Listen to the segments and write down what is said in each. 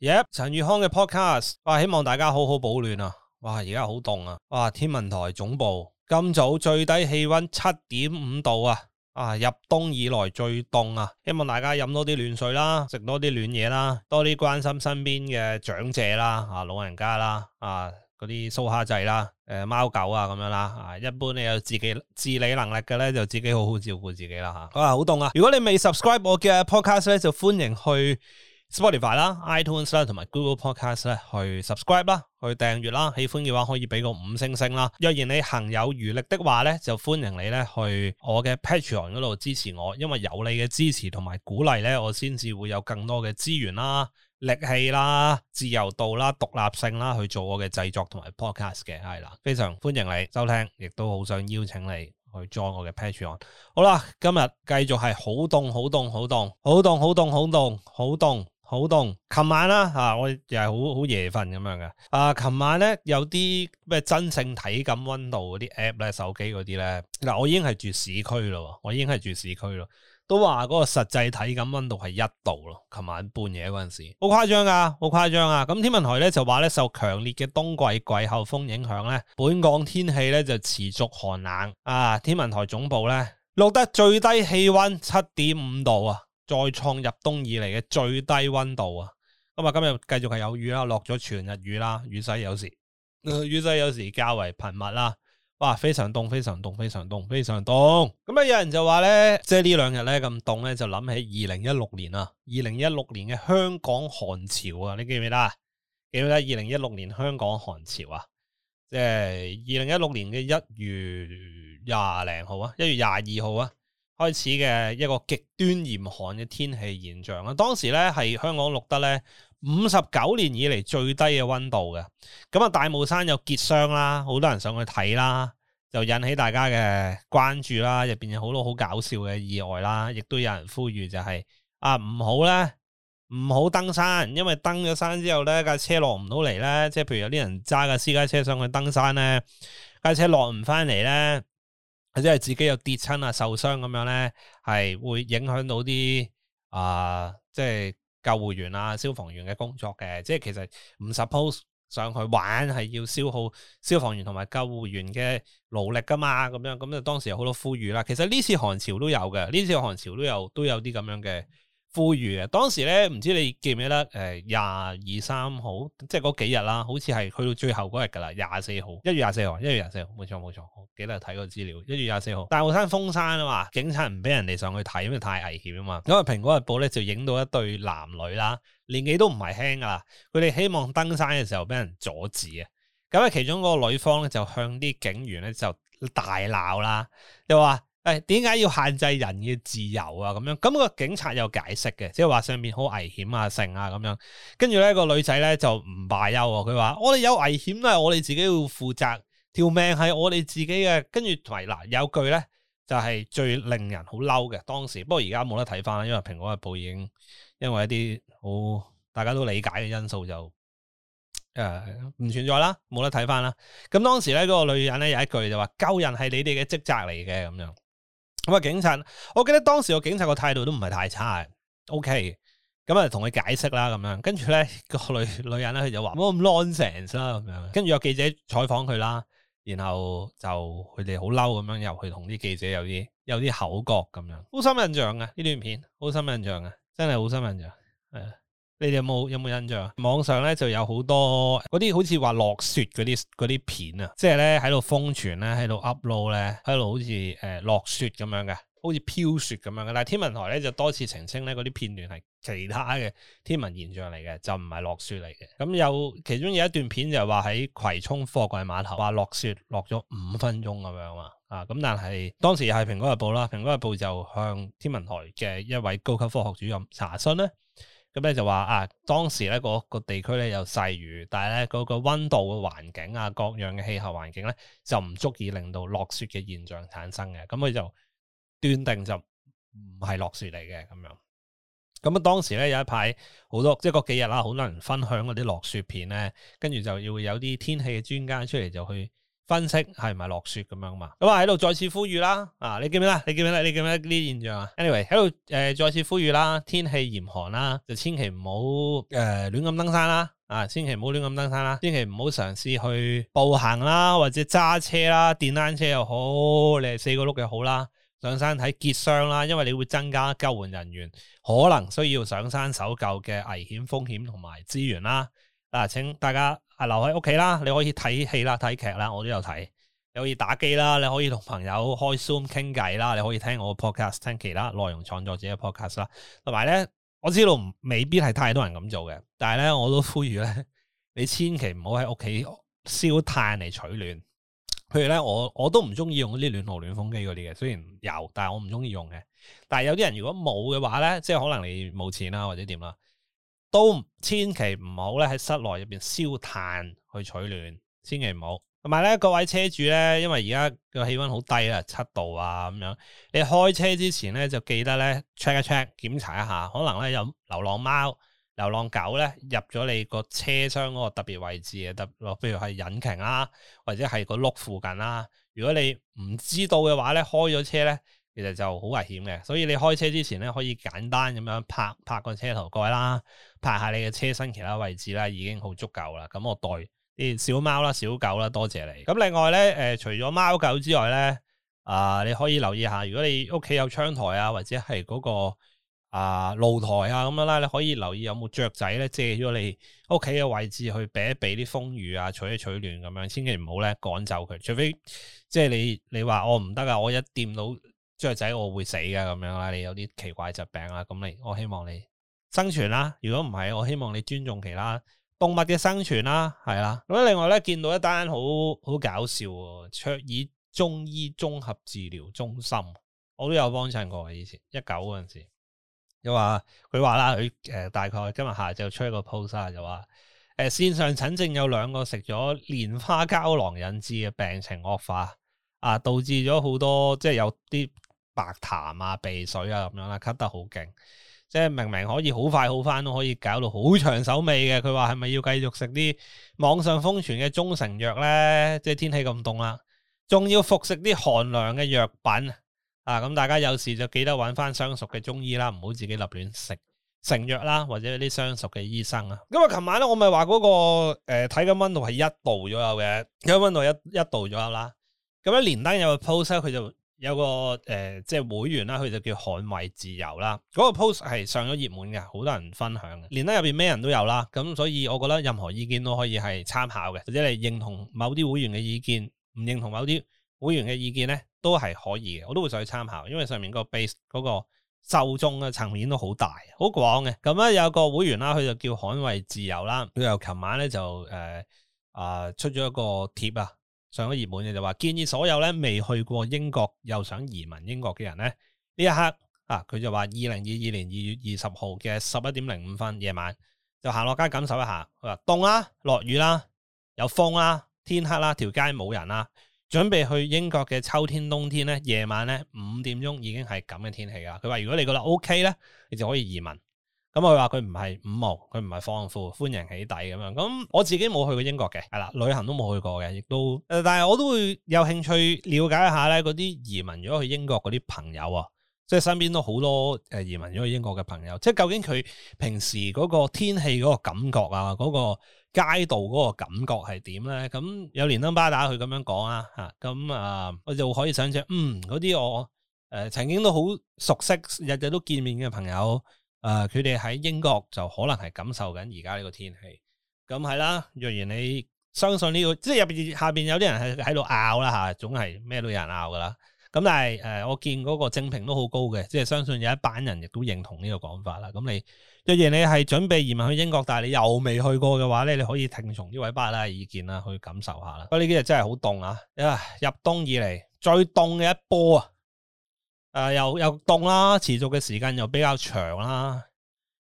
耶！yep, 陳宇康嘅 podcast，我希望大家好好保暖啊！哇，而家好凍啊！哇，天文台總部今早最低氣溫七點五度啊！啊，入冬以來最凍啊！希望大家飲多啲暖水啦，食多啲暖嘢啦，多啲關心身邊嘅長者啦，啊老人家啦，啊嗰啲蘇蝦仔啦，誒貓狗啊咁樣啦。啊，一般你有自己自理能力嘅咧，就自己好好照顧自己啦吓。哇、啊，好凍啊！如果你未 subscribe 我嘅 podcast 咧，就歡迎去。Spotify 啦、iTunes 啦、同埋 Google Podcast 咧，去 subscribe 啦，去訂閱啦。喜歡嘅話可以俾個五星星啦。若然你行有餘力的話咧，就歡迎你咧去我嘅 Patreon 嗰度支持我，因為有你嘅支持同埋鼓勵咧，我先至會有更多嘅資源啦、力氣啦、自由度啦、獨立性啦、well,，去做我嘅製作同埋 podcast 嘅。係啦，非常歡迎你收聽，亦都好想邀請你去 join 我嘅 Patreon。好啦，今日繼續係好凍，好凍，好凍，好凍，好凍，好凍，好凍。好凍，琴晚啦吓，我又係好好夜瞓咁樣嘅。啊，琴晚咧有啲咩真正體感溫度嗰啲 app 咧，手機嗰啲咧，嗱，我已經係住市區咯，我已經係住市區咯，都話嗰個實際體感溫度係一度咯。琴晚半夜嗰陣時，好誇張噶，好誇張啊！咁天文台咧就話咧，受強烈嘅冬季季候風影響咧，本港天氣咧就持續寒冷啊！天文台總部咧錄得最低氣溫七點五度啊！再創入冬以嚟嘅最低温度啊！咁啊，今日繼續係有雨啦，落咗全日雨啦，雨勢有時，呃、雨勢有時較為頻密啦。哇，非常凍，非常凍，非常凍，非常凍！咁啊，有人就話咧，即係呢兩日咧咁凍咧，就諗起二零一六年啊，二零一六年嘅香港寒潮啊，你記唔記得？記唔記得？二零一六年香港寒潮啊，即係二零一六年嘅一月廿零號啊，一月廿二號啊。開始嘅一個極端嚴寒嘅天氣現象啦，當時咧係香港錄得咧五十九年以嚟最低嘅溫度嘅，咁啊大霧山又結霜啦，好多人上去睇啦，就引起大家嘅關注啦，入邊有好多好搞笑嘅意外啦，亦都有人呼籲就係啊唔好咧，唔好登山，因為登咗山之後咧架車落唔到嚟咧，即係譬如有啲人揸架私家車上去登山咧，架車落唔翻嚟咧。或者係自己又跌親啊、受傷咁樣咧，係會影響到啲啊、呃，即係救護員啊、消防員嘅工作嘅。即係其實唔 suppose 上去玩係要消耗消防員同埋救護員嘅勞力噶嘛。咁樣咁就當時有好多呼籲啦。其實呢次寒潮都有嘅，呢次寒潮都有都有啲咁樣嘅。呼籲啊！當時咧，唔知你記唔記得？誒、呃，廿二三號，即係嗰幾日啦，好似係去到最後嗰日噶啦，廿四號，一月廿四號，一月廿四號，冇錯冇錯，我記得睇過資料，一月廿四號，大帽山封山啊嘛，警察唔俾人哋上去睇，因為太危險啊嘛。咁啊，蘋果日報咧就影到一對男女啦，年紀都唔係輕噶啦，佢哋希望登山嘅時候俾人阻止啊。咁啊，其中嗰個女方咧就向啲警員咧就大鬧啦，又話。誒，點解、哎、要限制人嘅自由啊？咁樣，咁個警察又解釋嘅，即係話上面好危險啊，性啊咁樣。跟住咧個女仔咧就唔罷休啊，佢話我哋有危險都係我哋自己要負責，條命係我哋自己嘅。跟住同埋嗱，有句咧就係、是、最令人好嬲嘅，當時不過而家冇得睇翻啦，因為蘋果日報已經因為一啲好大家都理解嘅因素就誒唔、呃、存在啦，冇得睇翻啦。咁當時咧嗰、那個女人咧有一句就話救人係你哋嘅職責嚟嘅咁樣。咁啊，警察，我記得當時個警察個態度都唔係太差，OK，咁啊，同佢解釋啦，咁樣，跟住咧個女女人咧，佢就話冇咁 nonsense 啦，咁樣，跟住有記者採訪佢啦，然後就佢哋好嬲咁樣又去同啲記者有啲有啲口角咁樣，好深印象嘅呢段片，好深印象嘅，真係好深印象，係。你哋有冇有冇印象？網上咧就有好多嗰啲好似話落雪嗰啲啲片啊，即係咧喺度瘋傳咧，喺度 upload 咧，喺度好似誒落雪咁樣嘅，好似飄雪咁樣嘅。但係天文台咧就多次澄清咧，嗰啲片段係其他嘅天文現象嚟嘅，就唔係落雪嚟嘅。咁有其中有一段片就係話喺葵涌貨櫃碼頭話落雪落咗五分鐘咁樣啊嘛，咁但係當時係蘋果日報啦，蘋果日報就向天文台嘅一位高級科學主任查詢咧。咁咧、嗯、就話啊，當時咧、嗰個地區咧又細雨，但係咧嗰個溫度嘅環境啊，各樣嘅氣候環境咧就唔足以令到落雪嘅現象產生嘅，咁、嗯、佢就斷定就唔係落雪嚟嘅咁樣。咁、嗯、啊，當時咧有一排好多，即係嗰幾日啦、啊，好多人分享嗰啲落雪片咧，跟住就要有啲天氣嘅專家出嚟就去分析係咪落雪咁樣嘛？咁啊喺度再次呼籲啦！啊，你記唔記得？你記唔記得？你記唔記得呢啲現象啊？Anyway 喺度誒再次呼籲啦，天氣嚴寒啦，就千祈唔好誒亂咁登山啦！啊，千祈唔好亂咁登山啦，千祈唔好嘗試去步行啦，或者揸車啦，電單車又好，你係四個碌又好啦，上山睇結霜啦，因為你會增加救援人員可能需要上山搜救嘅危險風險同埋資源啦。啊。嗱，請大家留喺屋企啦，你可以睇戲啦、睇劇啦，我都有睇；你可以打機啦，你可以同朋友開 Zoom 傾偈啦，你可以聽我嘅 podcast，聽其他內容創作者嘅 podcast 啦。同埋咧，我知道未必係太多人咁做嘅，但係咧，我都呼籲咧，你千祈唔好喺屋企燒炭嚟取暖。譬如咧，我我都唔中意用啲暖爐、暖風機嗰啲嘅，雖然有，但係我唔中意用嘅。但係有啲人如果冇嘅話咧，即係可能你冇錢啦，或者點啦。都千祈唔好咧喺室內入邊燒炭去取暖，千祈唔好。同埋咧，各位車主咧，因為而家個氣温好低啊，七度啊咁樣。你開車之前咧就記得咧 check 一 check 檢查一下，可能咧有流浪貓、流浪狗咧入咗你個車廂嗰個特別位置啊，特，譬如係引擎啦、啊，或者係個轆附近啦、啊。如果你唔知道嘅話咧，開咗車咧。其實就好危險嘅，所以你開車之前咧，可以簡單咁樣拍拍個車頭蓋啦，拍下你嘅車身其他位置啦，已經好足夠啦。咁我代啲小貓啦、小狗啦，多謝你。咁另外咧，誒、呃，除咗貓狗之外咧，啊、呃，你可以留意下，如果你屋企有窗台啊，或者係嗰個啊、呃、露台啊咁樣啦，你可以留意有冇雀仔咧借咗你屋企嘅位置去避一避啲風雨啊，取一取暖咁樣，千祈唔好咧趕走佢，除非即係你你話我唔得啊，我一掂到。雀仔我會死噶咁樣啦，你有啲奇怪疾病啦，咁你我希望你生存啦。如果唔係，我希望你尊重其他動物嘅生存啦，係啦。咁另外咧，見到一單好好搞笑，卓爾中醫綜合治療中心，我都有幫襯過以前一九嗰陣時，又話佢話啦，佢誒大概今日下晝出一個 post 就話誒、呃、線上診症有兩個食咗蓮花膠囊引致嘅病情惡化，啊導致咗好多即係有啲。白痰啊、鼻水啊咁樣啦，咳得好勁，即係明明可以好快好翻都可以，搞到好長手尾嘅。佢話係咪要繼續食啲網上瘋傳嘅中成藥咧？即係天氣咁凍啦，仲要服食啲寒涼嘅藥品啊！咁大家有時就記得揾翻相熟嘅中醫啦，唔好自己立亂食成藥啦，或者啲相熟嘅醫生啦。因為琴晚咧，我咪話嗰個誒睇緊溫度係一度左右嘅，睇溫度一一度左右啦。咁咧連登有個 post 佢就。有個誒、呃，即係會員啦，佢就叫捍衞自由啦。嗰、那個 post 係上咗熱門嘅，好多人分享嘅。連得入邊咩人都有啦，咁所以我覺得任何意見都可以係參考嘅，或者你認同某啲會員嘅意見，唔認同某啲會員嘅意見咧，都係可以嘅。我都會上去參考，因為上面個 base 嗰個受眾嘅層面都好大，好廣嘅。咁咧有個會員啦，佢就叫捍衞自由啦。佢又琴晚咧就誒啊、呃呃、出咗一個貼啊。上咗熱門嘅就話建議所有咧未去過英國又想移民英國嘅人咧呢呢一刻啊佢就話二零二二年二月二十號嘅十一點零五分夜晚就行落街感受一下佢話凍啦落雨啦、啊、有風啦、啊、天黑啦、啊、條街冇人啦、啊、準備去英國嘅秋天冬天咧夜晚咧五點鐘已經係咁嘅天氣啦佢話如果你覺得 OK 咧你就可以移民。咁佢話佢唔係五毛，佢唔係放負，歡迎起底咁樣。咁我自己冇去過英國嘅，係啦，旅行都冇去過嘅，亦都，但係我都會有興趣了解一下咧，嗰啲移民咗去英國嗰啲朋友啊，即係身邊都好多誒移民咗去英國嘅朋友，即係究竟佢平時嗰個天氣嗰個感覺啊，嗰、嗰個街道嗰個感覺係點咧？咁有連登巴打佢咁樣講啊，吓，咁啊，我就可以想像，嗯，嗰啲我誒、呃、曾經都好熟悉，日日都見面嘅朋友。誒，佢哋喺英國就可能係感受緊而家呢個天氣，咁係啦。若然你相信呢、這個，即係入邊下邊有啲人係喺度拗啦吓，總係咩都有人拗噶啦。咁但係誒、呃，我見嗰個正評都好高嘅，即係相信有一班人亦都認同呢個講法啦。咁你若然你係準備移民去英國，但係你又未去過嘅話咧，你可以聽從呢位巴拉嘅意見啦，去感受下啦。不過呢幾日真係好凍啊，啊入冬以嚟最凍嘅一波啊！呃、又又凍啦，持續嘅時間又比較長啦，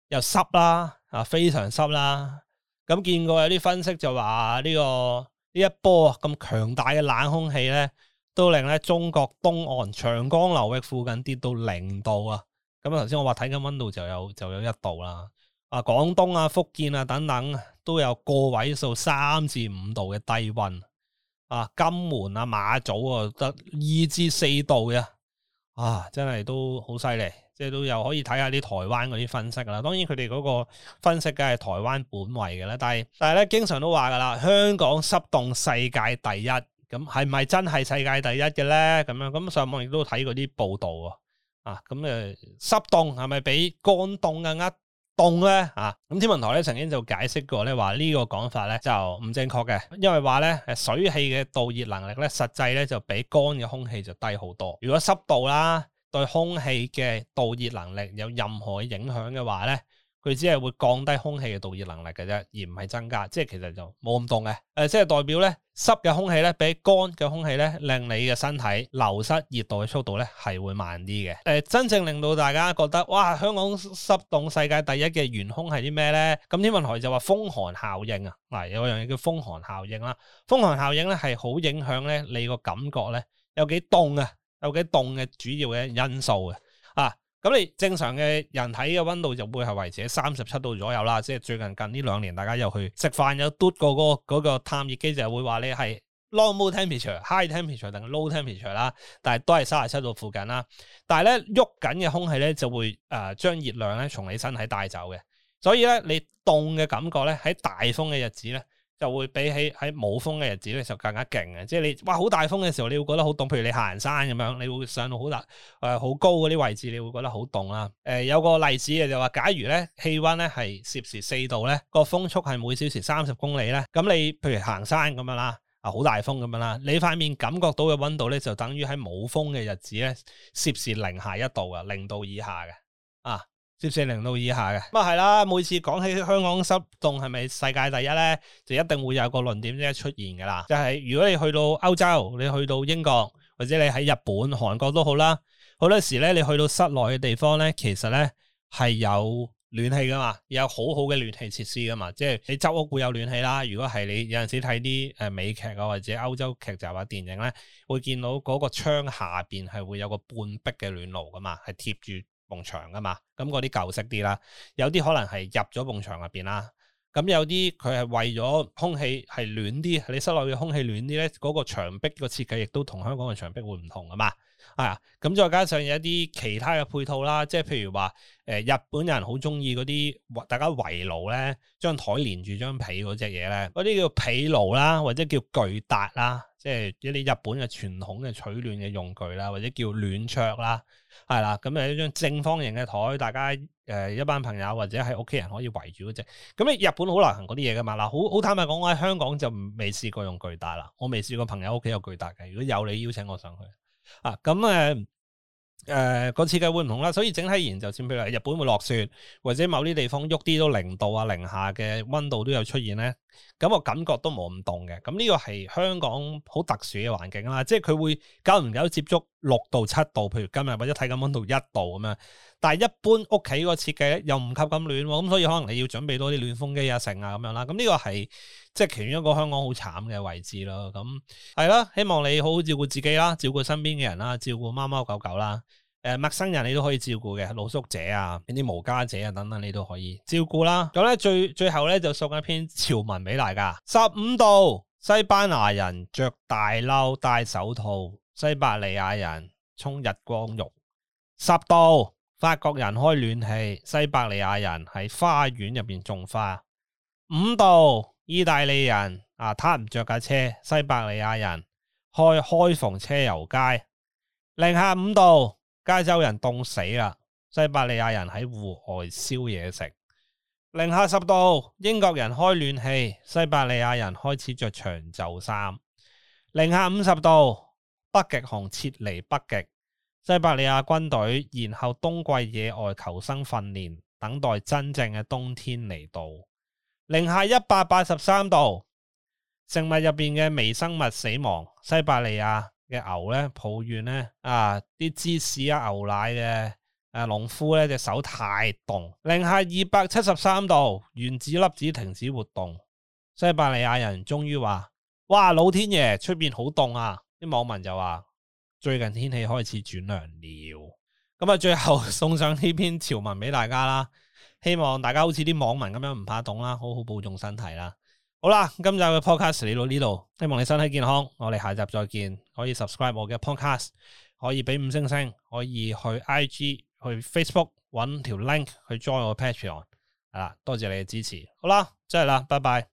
又濕啦，啊非常濕啦。咁、啊、見過有啲分析就話呢、這個呢一波咁強大嘅冷空氣咧，都令咧中國東岸長江流域附近跌到零度啊。咁啊，頭先我話睇緊溫度就有就有一度啦。啊，廣東啊、福建啊等等都有個位數三至五度嘅低溫。啊，金門啊、馬祖啊得二至四度嘅、啊。啊，真係都好犀利，即係都又可以睇下啲台灣嗰啲分析啦。當然佢哋嗰個分析梗係台灣本位嘅啦，但係但係咧經常都話噶啦，香港濕凍世界第一，咁係咪真係世界第一嘅咧？咁樣咁上網亦都睇過啲報道啊，啊咁誒濕凍係咪比乾凍更加凍咧啊，咁天文台咧曾經就解釋過咧，話、這個、呢個講法咧就唔正確嘅，因為話咧水汽嘅導熱能力咧，實際咧就比乾嘅空氣就低好多。如果濕度啦對空氣嘅導熱能力有任何影響嘅話咧。佢只係會降低空氣嘅導熱能力嘅啫，而唔係增加，即係其實就冇咁凍嘅。誒、呃，即係代表咧，濕嘅空氣咧比乾嘅空氣咧，令你嘅身體流失熱度嘅速度咧係會慢啲嘅。誒、呃，真正令到大家覺得哇，香港濕凍世界第一嘅元凶係啲咩咧？咁天文台就話風寒效應啊。嗱，有樣嘢叫風寒效應啦。風寒效應咧係好影響咧你個感覺咧有幾凍啊，有幾凍嘅主要嘅因素嘅。咁你正常嘅人體嘅溫度就會係維持喺三十七度左右啦，即係最近近呢兩年大家又去食飯又嘟過嗰個探熱機，就會話你係 long temperature high、high temperature 同 low temperature 啦，但係都係三十七度附近啦。但係咧喐緊嘅空氣咧就會誒將熱量咧從你身體帶走嘅，所以咧你凍嘅感覺咧喺大風嘅日子咧。就會比起喺冇風嘅日子咧就更加勁嘅，即係你哇好大風嘅時候，你會覺得好凍。譬如你行山咁樣，你會上到好大誒好、呃、高嗰啲位置，你會覺得好凍啦。誒、呃、有個例子嘅就話，假如咧氣温咧係攝氏四度咧，個風速係每小時三十公里咧，咁你譬如行山咁樣啦，啊好大風咁樣啦，你塊面感覺到嘅温度咧就等於喺冇風嘅日子咧攝氏零下一度啊，零度以下嘅啊。攝氏零度以下嘅，咁啊係啦，每次講起香港濕凍係咪世界第一咧，就一定會有個論點咧出現嘅啦。就係、是、如果你去到歐洲，你去到英國或者你喺日本、韓國都好啦，好多時咧你去到室內嘅地方咧，其實咧係有暖氣噶嘛，有好好嘅暖氣設施噶嘛。即係你租屋會有暖氣啦。如果係你有陣時睇啲誒美劇啊，或者歐洲劇集啊、電影咧，會見到嗰個窗下邊係會有個半壁嘅暖爐噶嘛，係貼住。幕牆噶嘛，咁嗰啲舊式啲啦，有啲可能係入咗幕牆入邊啦。咁有啲佢係為咗空氣係暖啲，你室內嘅空氣暖啲咧，嗰個牆壁個設計亦都同香港嘅牆壁會唔同㗎嘛，啊！咁再加上有一啲其他嘅配套啦，即係譬如話誒，日本人好中意嗰啲大家圍爐咧，將台連住張被嗰隻嘢咧，嗰啲叫被爐啦，或者叫巨達啦，即係一啲日本嘅傳統嘅取暖嘅用具啦，或者叫暖桌啦，係啦，咁係一張正方形嘅台，大家。誒、呃、一班朋友或者係屋企人可以圍住嗰隻，咁咧日本好流行嗰啲嘢㗎嘛，嗱，好好坦白講，我喺香港就未試過用巨大啦，我未試過朋友屋企有巨大嘅，如果有你邀請我上去啊，咁、嗯、誒。呃誒，個設計會唔同啦，所以整體而言就先譬如話，日本會落雪，或者某啲地方喐啲都零度啊、零下嘅溫度都有出現咧，咁我感覺都冇咁凍嘅，咁呢個係香港好特殊嘅環境啦，即係佢會久唔久接觸六度、七度，譬如今日或者睇緊溫度一度咁樣，但係一般屋企個設計咧又唔吸咁暖，咁所以可能你要準備多啲暖風機啊、成啊咁樣啦，咁呢個係。即係處於一個香港好慘嘅位置咯，咁係咯，希望你好好照顧自己啦，照顧身邊嘅人啦，照顧貓貓狗狗啦，誒，陌生人你都可以照顧嘅，露宿者啊，啲無家者啊等等，你都可以照顧啦。咁咧最最後咧就送一篇潮文俾大家。十五度，西班牙人着大褸戴手套，西伯利亞人沖日光浴；十度，法國人開暖氣，西伯利亞人喺花園入邊種花；五度。意大利人啊，撻唔着架車；西伯利亞人開開篷車遊街。零下五度，加州人凍死啦；西伯利亞人喺戶外燒嘢食。零下十度，英國人開暖氣；西伯利亞人開始着長袖衫。零下五十度，北極熊撤離北極；西伯利亞軍隊然後冬季野外求生訓練，等待真正嘅冬天嚟到。零下一百八十三度，食物入邊嘅微生物死亡。西伯利亞嘅牛呢抱怨呢，啊啲芝士啊牛奶嘅誒、啊、農夫呢隻手太凍。零下二百七十三度，原子粒子停止活動。西伯利亞人終於話：哇，老天爺出邊好凍啊！啲網民就話：最近天氣開始轉涼了。咁啊，最後送上呢篇潮文俾大家啦。希望大家好似啲網民咁樣唔怕凍啦，好好保重身體啦。好啦，今集嘅 podcast 嚟到呢度，希望你身體健康。我哋下集再見。可以 subscribe 我嘅 podcast，可以俾五星星，可以去 IG、去 Facebook 搵條 link 去 join 我個 Patreon。係啦，多謝你嘅支持。好啦，真係啦，拜拜。